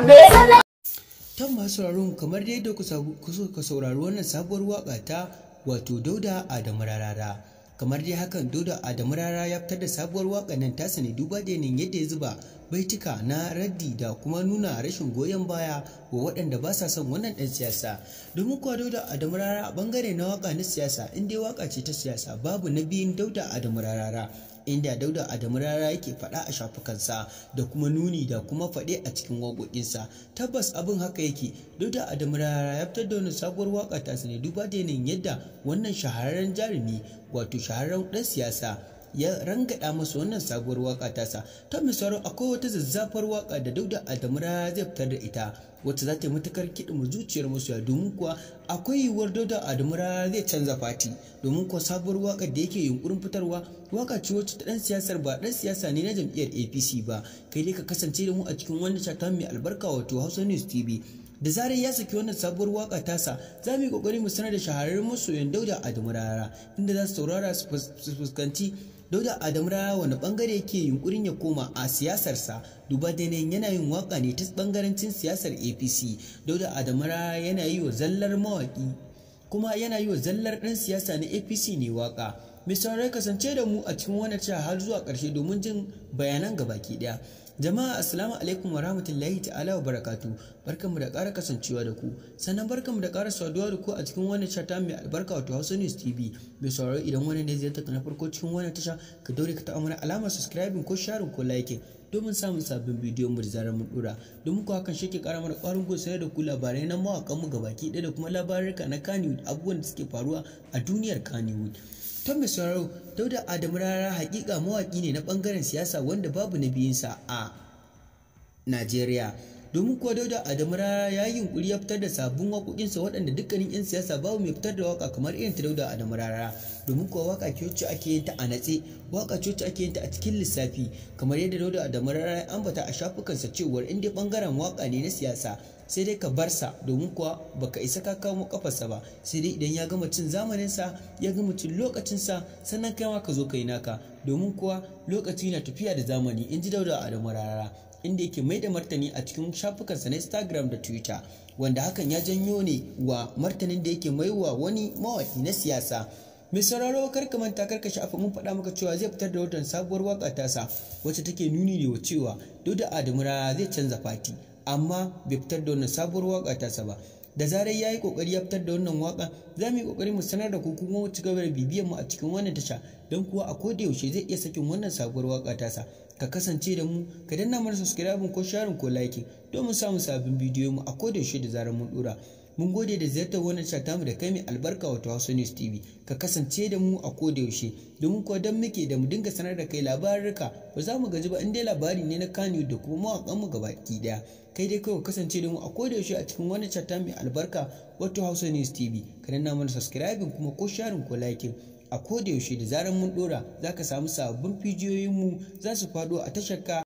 kunne tan masu sauraron kamar dai da ku saurari wannan sabuwar waka ta wato dauda adamu rarara kamar dai hakan dauda adamu rarara ya fitar da sabuwar waka nan ta sani duba da yanayin yadda ya zuba baitika na raddi da kuma nuna rashin goyon baya wa waɗanda ba sa son wannan ɗan siyasa domin kuwa dauda adamu rara a ɓangare na waka na siyasa inda dai waka ce ta siyasa babu na biyun dauda adamu rara inda dauda adamu rara yake faɗa a shafukansa da kuma nuni da kuma faɗe a cikin waƙoƙinsa tabbas abin haka yake dauda adamu rara ya fitar da wani sabuwar waka ta ne duba da yanayin yadda wannan shahararren jarumi wato shahararren ɗan siyasa ya rangada masu wannan sabuwar waka tasa ta misaro akwai wata zazzafar waka da dauda adamura zai fitar da ita wata za ta yi matukar mu zuciyar masoya domin kuwa akwai yiwuwar dauda adamura zai canza fati domin kuwa sabuwar waka da yake yunkurin fitarwa waka ce wacce ta dan siyasar ba dan siyasa ne na jam'iyyar apc ba kai dai ka kasance da mu a cikin wannan shata mai albarka wato hausa news tv da zarar ya saki wannan sabuwar waka tasa za mu yi kokari mu sanar da shahararren masoyan dauda adamura inda za su saurara su fuskanci Dauda Adamu Rara wani bangare yake yunkurin ya koma a siyasarsa duba da yanayin yana yin waka ne ta bangarancin siyasar APC. Dauda Adamu Rara yana yi wa zallar mawaki kuma yana yi wa zallar ɗan siyasa na APC ne waka. Mai saurari kasance da mu a cikin wannan har zuwa ƙarshe domin jin bayanan gabaki ɗaya. Jama'a assalamu alaikum wa rahmatullahi ta'ala wa barakatu. Barkanmu da ƙara kasancewa da ku. Sannan barkanmu da ƙara saduwa da ku a cikin wannan chata mai albarka wato Hausa News TV. Mai sauraro idan wani ne zai ta na farko cikin wannan tasha ka daure ka ta'amura alamar subscribing ko sharin ko like domin samun sabbin bidiyo mu da zarar mun dora. Domin ku hakan shike ƙara mana ƙwarin gwiwa da ku labarai na mawakan mu gabaki ɗaya da kuma labarurka na Kannywood abubuwan da suke faruwa a duniyar Kannywood. Tom mai sauraro Dauda Adamu Rara hakika mawaƙi ne na ɓangaren siyasa wanda babu na biyunsa a Najeriya. domin kuwa dauda adamu rara ya yi yunkuri ya fitar da sabbin waƙoƙinsa waɗanda dukkanin 'yan siyasa babu mai fitar da waƙa kamar irin ta dauda adamu rara domin kuwa waƙa coci ake yin ta a natse waƙa coci ake yin ta a cikin lissafi kamar yadda dauda adamu rara ya ambata a shafukansa cewar in dai ɓangaren waƙa ne na siyasa sai dai ka bar sa domin kuwa baka isa ka kawo kafarsa ba sai dai idan ya gama cin zamaninsa ya gama cin lokacinsa sannan kai ma ka zo ka yi naka domin kuwa lokaci na tafiya da zamani in ji dauda adamu rara inda yake mai da martani a cikin shafukansa na instagram da twitter wanda hakan ya janyo ne wa martanin da yake mai wa wani mawaki na siyasa mai sauraro karka manta karka mun faɗa maka cewa zai fitar da watan sabuwar waka tasa wacce take nuni ne wa cewa duk da adamu zai canza fati amma bai fitar da wannan sabuwar waka tasa ba da zarar ya yi kokari ya fitar da wannan waka za mu yi kokari mu sanar da ku kuma mu ci gaba da bibiyar mu a cikin wannan tasha don kuwa a koda yaushe zai iya sakin wannan sabuwar waka sa ka kasance da mu ka danna mana subscribe ko sharin ko liking domin samun sabbin bidiyo mu a koda yaushe da zarar mun dora mun gode da ziyartar wannan shatamu da kai mai albarka wato Hausa News TV ka kasance da mu a koda yaushe domin kuwa dan muke da mu dinga sanar da kai labarurka ba za mu gaji ba in dai labari ne na kanu da kuma mawakan mu gabaki daya kai dai kai kasance da mu a koda a cikin wannan shatamu mai albarka wato Hausa News TV ka danna mana subscribing kuma ko sharing ko liking a koda da zarar mun dora zaka samu sabbin fijiyoyin mu za su faɗo a tashar ka